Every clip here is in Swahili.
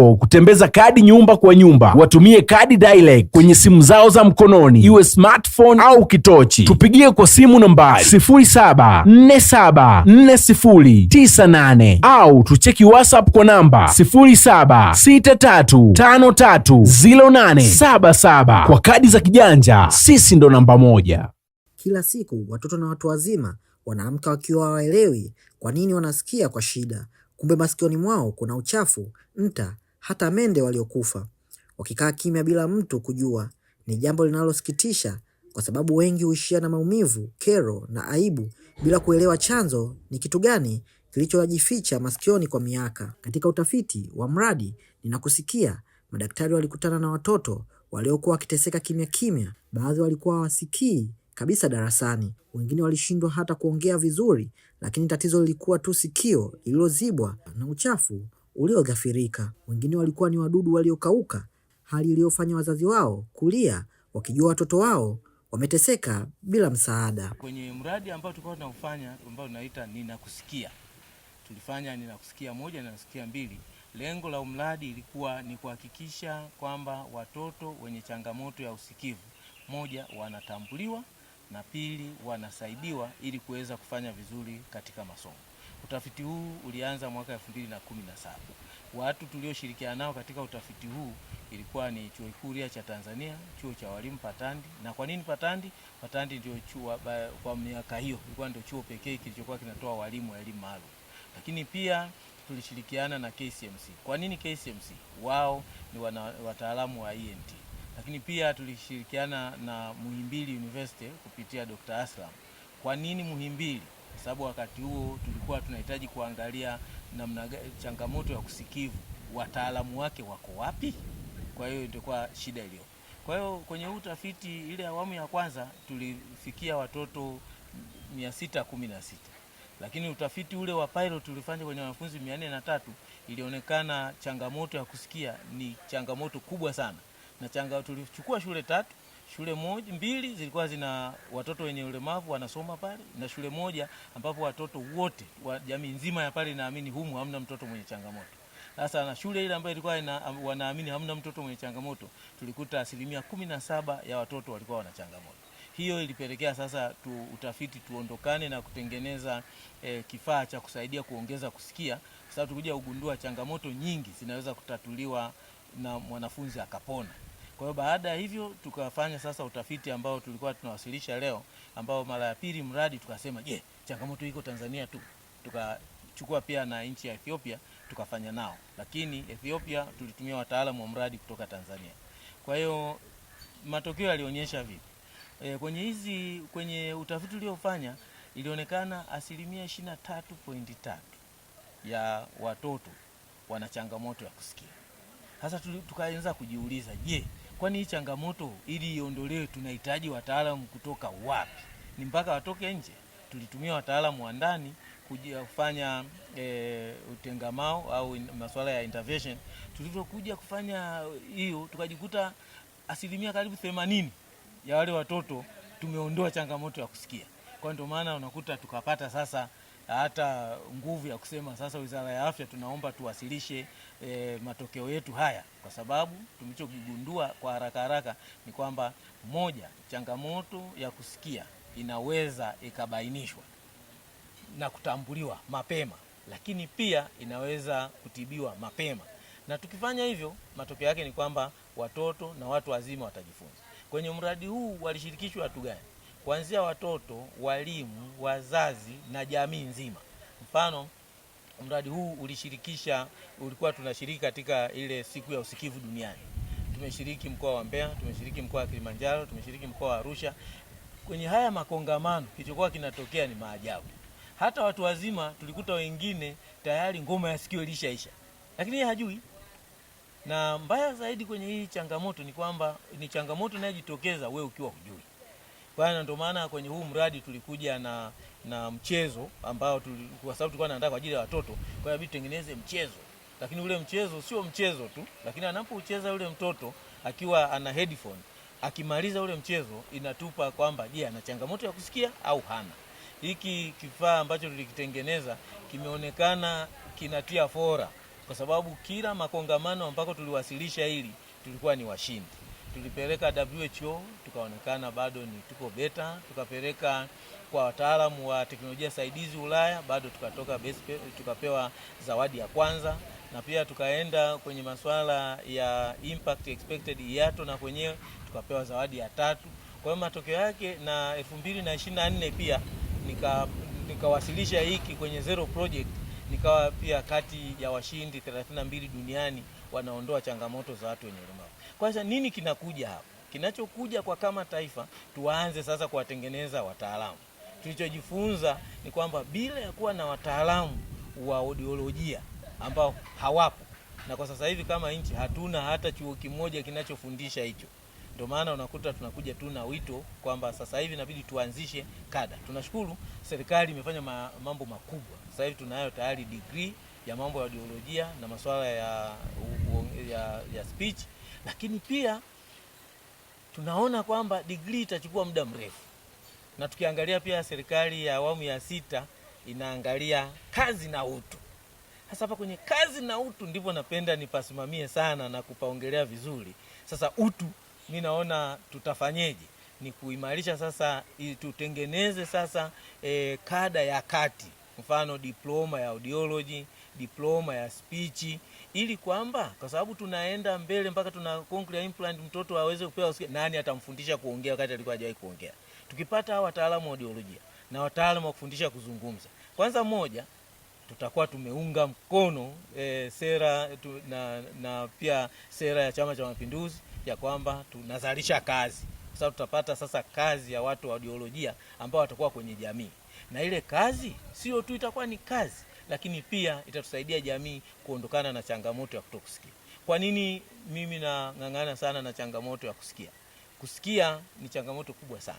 yako kutembeza kadi nyumba kwa nyumba. Watumie kadi dialect kwenye simu zao za mkononi, iwe smartphone au kitochi. Tupigie kwa simu nambari 07474098 au tucheki WhatsApp kwa namba 0763530877. Kwa kadi za kijanja, sisi ndo namba moja. Kila siku watoto na watu wazima wanaamka wakiwa hawaelewi kwa nini wanasikia kwa shida, kumbe masikioni mwao kuna uchafu, nta hata mende waliokufa wakikaa kimya bila mtu kujua, ni jambo linalosikitisha kwa sababu wengi huishia na maumivu, kero na aibu bila kuelewa chanzo ni kitu gani kilichojificha masikioni kwa miaka. Katika utafiti wa mradi Ninakusikia, madaktari walikutana na watoto waliokuwa wakiteseka kimya kimya. Baadhi walikuwa hawasikii kabisa darasani, wengine walishindwa hata kuongea vizuri, lakini tatizo lilikuwa tu sikio lililozibwa na uchafu ulioghafirika. Wengine walikuwa ni wadudu waliokauka, hali iliyofanya wazazi wao kulia wakijua watoto wao wameteseka bila msaada. Kwenye mradi ambao tulikuwa tunaufanya ambao tunaita Ninakusikia, tulifanya Ninakusikia moja, Ninakusikia mbili. Lengo la mradi ilikuwa ni kuhakikisha kwamba watoto wenye changamoto ya usikivu, moja, wanatambuliwa na pili, wanasaidiwa ili kuweza kufanya vizuri katika masomo. Utafiti huu ulianza mwaka elfu mbili na kumi na saba. Watu tulioshirikiana nao katika utafiti huu ilikuwa ni chuo kikuu cha Tanzania, chuo cha walimu Patandi. Na kwa nini Patandi? Patandi ndio chuo kwa miaka hiyo ilikuwa ndio chuo pekee kilichokuwa kinatoa walimu wa elimu maalum, lakini pia tulishirikiana na KCMC. Kwa nini KCMC? Wao ni wataalamu wa ENT, lakini pia tulishirikiana na Muhimbili University kupitia Dr. Aslam. Kwa nini Muhimbili? kwa sababu wakati huo tulikuwa tunahitaji kuangalia namna changamoto ya kusikivu, wataalamu wake wako wapi? Kwa hiyo ilikuwa shida iliyo. Kwa hiyo kwenye utafiti ile awamu ya kwanza tulifikia watoto 616 lakini utafiti ule wa pilot ulifanya kwenye wanafunzi 403 ilionekana changamoto ya kusikia ni changamoto kubwa sana, na changa tulichukua shule tatu shule moja mbili zilikuwa zina watoto wenye ulemavu wanasoma pale na shule moja ambapo watoto wote wa jamii nzima ya pale inaamini humu hamna mtoto mwenye changamoto. Sasa na shule ile ambayo ilikuwa ina, wanaamini hamna mtoto mwenye changamoto, tulikuta asilimia kumi na saba ya watoto walikuwa wana changamoto. Hiyo ilipelekea sasa tu, utafiti tuondokane na kutengeneza e, kifaa cha kusaidia kuongeza kusikia, kwa sababu tukuja kugundua changamoto nyingi zinaweza kutatuliwa na mwanafunzi akapona. Kwa hiyo baada ya hivyo tukafanya sasa utafiti ambao tulikuwa tunawasilisha leo, ambao mara ya pili mradi tukasema, je, changamoto iko Tanzania tu? Tukachukua pia na nchi ya Ethiopia tukafanya nao, lakini Ethiopia tulitumia wataalamu wa mradi kutoka Tanzania. Kwa hiyo matokeo yalionyesha vipi? E, kwenye hizi kwenye utafiti uliofanya ilionekana asilimia tatu ya watoto wana changamoto ya kusikia. Sasa tukaanza kujiuliza, je, Kwani hii changamoto ili iondolewe, tunahitaji wataalamu kutoka wapi? Ni mpaka watoke nje? Tulitumia wataalamu wa ndani kufanya e, utengamao au masuala ya intervention. Tulivyokuja kufanya hiyo, tukajikuta asilimia karibu themanini ya wale watoto tumeondoa changamoto ya kusikia. Kwa ndio maana unakuta tukapata sasa hata nguvu ya kusema sasa Wizara ya Afya tunaomba tuwasilishe e, matokeo yetu haya, kwa sababu tulichokigundua kwa haraka haraka ni kwamba moja, changamoto ya kusikia inaweza ikabainishwa na kutambuliwa mapema, lakini pia inaweza kutibiwa mapema, na tukifanya hivyo, matokeo yake ni kwamba watoto na watu wazima watajifunza. Kwenye mradi huu walishirikishwa watu gani? kuanzia watoto, walimu, wazazi na jamii nzima. Mfano, mradi huu ulishirikisha, ulikuwa tunashiriki katika ile siku ya usikivu duniani. Tumeshiriki mkoa wa Mbeya, tumeshiriki mkoa wa Kilimanjaro, tumeshiriki mkoa wa Arusha. Kwenye haya makongamano kilichokuwa kinatokea ni maajabu. Hata watu wazima tulikuta wengine tayari ngoma ya sikio ilishaisha, lakini yeye hajui. Na mbaya zaidi kwenye hii changamoto ni kwamba ni changamoto inayojitokeza wewe ukiwa hujui hiyo ndio maana kwenye huu mradi tulikuja na na mchezo ambao kwa sababu tulikuwa tunaandaa kwa ajili ya watoto, kwa hiyo tutengeneze mchezo, lakini ule mchezo sio mchezo tu, lakini anapoucheza yule mtoto akiwa ana headphone, akimaliza ule mchezo inatupa kwamba je, ana changamoto ya kusikia au hana. Hiki kifaa ambacho tulikitengeneza kimeonekana kinatia fora, kwa sababu kila makongamano ambako tuliwasilisha hili tulikuwa ni washindi tulipeleka WHO tukaonekana bado ni tuko beta, tukapeleka kwa wataalamu wa teknolojia saidizi Ulaya bado tukatoka base, tukapewa zawadi ya kwanza, na pia tukaenda kwenye masuala ya impact expected IATO na kwenyewe tukapewa zawadi ya tatu. Kwa hiyo matokeo yake na 2024 pia nika nikawasilisha hiki kwenye zero project nikawa pia kati ya washindi 32 duniani wanaondoa changamoto za watu wenye ulemavu. Kwa nini kinakuja hapa? Kinachokuja kwa kama taifa tuanze sasa kuwatengeneza wataalamu. Tulichojifunza ni kwamba bila ya kuwa na wataalamu wa audiolojia ambao hawapo, na kwa sasa hivi kama nchi hatuna hata chuo kimoja kinachofundisha hicho ndio maana unakuta tunakuja tu na wito kwamba sasa hivi inabidi tuanzishe kada. Tunashukuru serikali imefanya ma, mambo makubwa. Sasa hivi tunayo tayari degree ya mambo ya audiolojia na masuala ya ya, ya speech, lakini pia tunaona kwamba degree itachukua muda mrefu, na tukiangalia pia serikali ya awamu ya sita inaangalia kazi na utu. Sasa hapa kwenye kazi na utu ndipo napenda nipasimamie sana na kupaongelea vizuri. Sasa utu, mi naona tutafanyeje? Ni kuimarisha sasa, tutengeneze sasa e, kada ya kati, mfano diploma ya audiology, diploma ya speech ili kwamba kwa sababu tunaenda mbele mpaka tuna cochlear implant, mtoto aweze kupewa usikia. Nani atamfundisha kuongea wakati alikuwa hajawahi kuongea? Tukipata hawa wataalamu wa audiolojia na wataalamu wa kufundisha kuzungumza, kwanza moja, tutakuwa tumeunga mkono e, sera tu, na, na pia sera ya Chama cha Mapinduzi ya kwamba tunazalisha kazi, kwa sababu tutapata sasa kazi ya watu wa audiolojia ambao watakuwa kwenye jamii, na ile kazi sio tu itakuwa ni kazi lakini pia itatusaidia jamii kuondokana na changamoto ya kutokusikia. Kwa nini mimi nang'ang'ana sana na changamoto ya kusikia? Kusikia ni changamoto kubwa sana,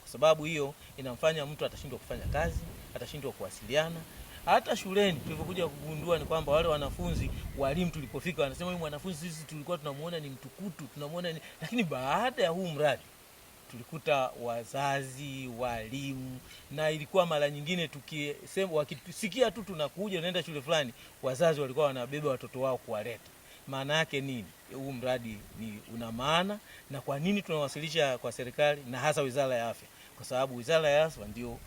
kwa sababu hiyo inamfanya mtu atashindwa kufanya kazi, atashindwa kuwasiliana hata shuleni tulivyokuja kugundua ni kwamba wale wanafunzi walimu, tulipofika wanasema huyu mwanafunzi sisi tulikuwa tunamuona ni mtukutu, tunamuona ni... lakini baada ya huu mradi tulikuta wazazi, walimu, na ilikuwa mara nyingine tukisema, wakisikia tu tunakuja unaenda shule fulani, wazazi walikuwa wanabeba watoto wao kuwaleta. Maana yake nini? Huu mradi ni una maana, na kwa nini tunawasilisha kwa serikali na hasa Wizara ya Afya? Kwa sababu Wizara ya Afya ndio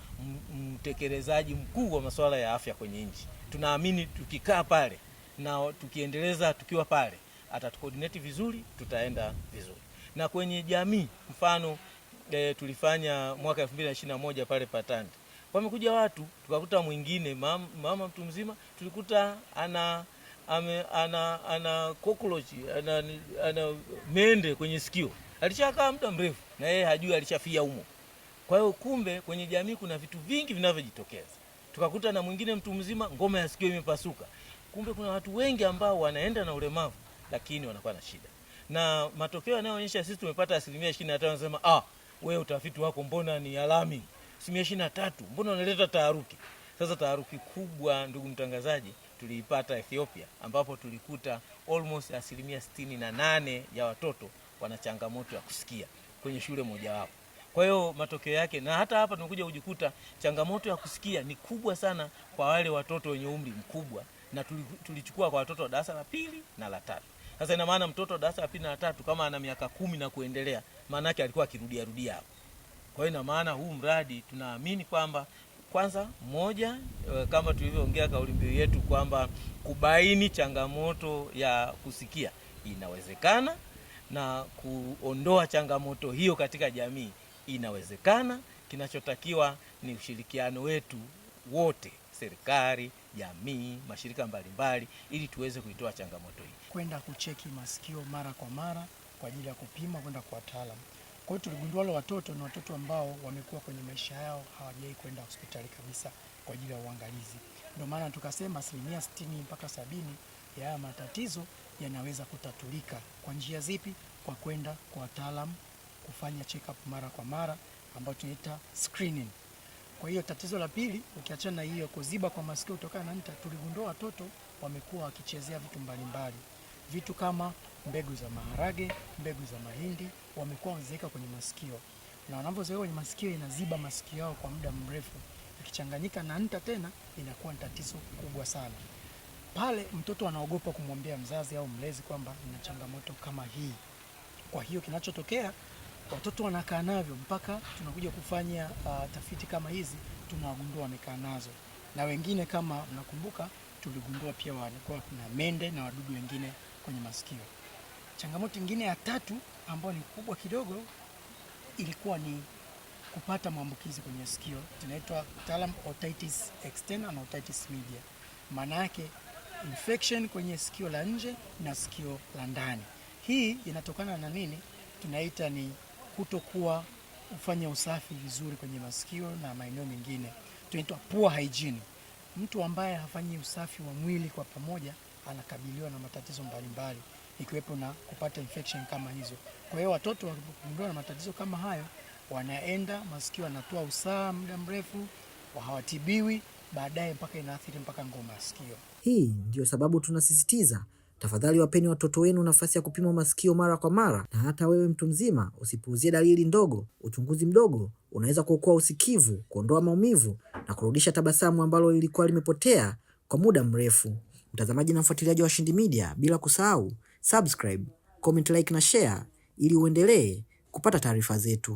mtekelezaji mkuu wa masuala ya afya kwenye nchi. Tunaamini tukikaa pale na tukiendeleza tukiwa pale, atatukoordinate vizuri, tutaenda vizuri na kwenye jamii. Mfano e, tulifanya mwaka moja pale Patandi, wamekuja watu, tukakuta mwingine mama, mama mtu mzima, tulikuta ana ame, ana ana kokolochi ana, ana mende kwenye sikio, alishakaa muda mrefu na yeye hajui alishafia humo. Kwa hiyo kumbe kwenye jamii kuna vitu vingi vinavyojitokeza. Tukakuta na mwingine mtu mzima, ngoma ya sikio imepasuka. Kumbe kuna watu wengi ambao wanaenda na ulemavu lakini wanakuwa na shida na matokeo yanayoonyesha sisi tumepata asilimia ishirini na tano nasema ah, we utafiti wako mbona ni alami asilimia ishirini na tatu mbona unaleta taharuki? Sasa taharuki kubwa, ndugu mtangazaji, tuliipata Ethiopia, ambapo tulikuta almost asilimia sitini na nane ya watoto wana changamoto ya kusikia kwenye shule mojawapo. Kwa hiyo matokeo yake, na hata hapa tumekuja kujikuta changamoto ya kusikia ni kubwa sana kwa wale watoto wenye umri mkubwa, na tulichukua kwa watoto wa darasa la pili na la tatu. Sasa ina maana mtoto darasa la pili na tatu kama ana miaka kumi na kuendelea, maana yake alikuwa akirudia rudia hapo. Kwa hiyo ina maana huu mradi tunaamini kwamba kwanza, moja, eh, kama tulivyoongea kauli mbiu yetu kwamba kubaini changamoto ya kusikia inawezekana na kuondoa changamoto hiyo katika jamii inawezekana. Kinachotakiwa ni ushirikiano wetu wote serikali, jamii, mashirika mbalimbali mbali, ili tuweze kuitoa changamoto hii, kwenda kucheki masikio mara kwa mara kwa ajili ya kupima, kwenda kwa wataalamu. Kwa hiyo tuligundua wale watoto ni watoto ambao wamekuwa kwenye maisha yao hawajai kwenda hospitali kabisa kwa ajili ya uangalizi. Ndio maana tukasema asilimia sitini mpaka sabini ya haya matatizo yanaweza kutatulika kwa njia zipi? Kwa kwenda kwa wataalamu kufanya check up mara kwa mara ambayo tunaita screening. Kwa hiyo tatizo la pili, ukiachana na hiyo kuziba kwa masikio kutokana na nta, tuligundua watoto wamekuwa wakichezea vitu mbalimbali, vitu kama mbegu za maharage, mbegu za mahindi, wamekuwa waziweka kwenye masikio, na wanavyoziweka kwenye masikio inaziba masikio yao kwa muda mrefu, ikichanganyika na nta tena inakuwa ni tatizo kubwa sana. Pale mtoto anaogopa kumwambia mzazi au mlezi kwamba nina changamoto kama hii. Kwa hiyo kinachotokea watoto wanakaa navyo mpaka tunakuja kufanya uh, tafiti kama hizi, tunawagundua wamekaa nazo, na wengine kama mnakumbuka, tuligundua pia walikuwa kuna mende na wadudu wengine kwenye masikio. Changamoto nyingine ya tatu ambayo ni kubwa kidogo ilikuwa ni kupata maambukizi kwenye sikio, tunaitwa kitaalam otitis externa na otitis media. Maana yake infection kwenye sikio la nje na sikio la ndani. Hii inatokana na nini? Tunaita ni kutokuwa kufanya usafi vizuri kwenye masikio na maeneo mengine, tunaitwa poor hygiene. Mtu ambaye hafanyi usafi wa mwili kwa pamoja anakabiliwa na matatizo mbalimbali ikiwepo na kupata infection kama hizo. Kwa hiyo watoto wakigundua na matatizo kama hayo, wanaenda masikio, anatoa usaha muda mrefu, hawatibiwi, baadaye mpaka inaathiri mpaka ngoma ya sikio. Hii ndio sababu tunasisitiza Tafadhali wapeni watoto wenu nafasi ya kupimwa masikio mara kwa mara, na hata wewe mtu mzima usipuuzie dalili ndogo. Uchunguzi mdogo unaweza kuokoa usikivu, kuondoa maumivu na kurudisha tabasamu ambalo lilikuwa limepotea kwa muda mrefu. Mtazamaji na mfuatiliaji wa Washindi Media, bila kusahau subscribe, comment, like na share ili uendelee kupata taarifa zetu.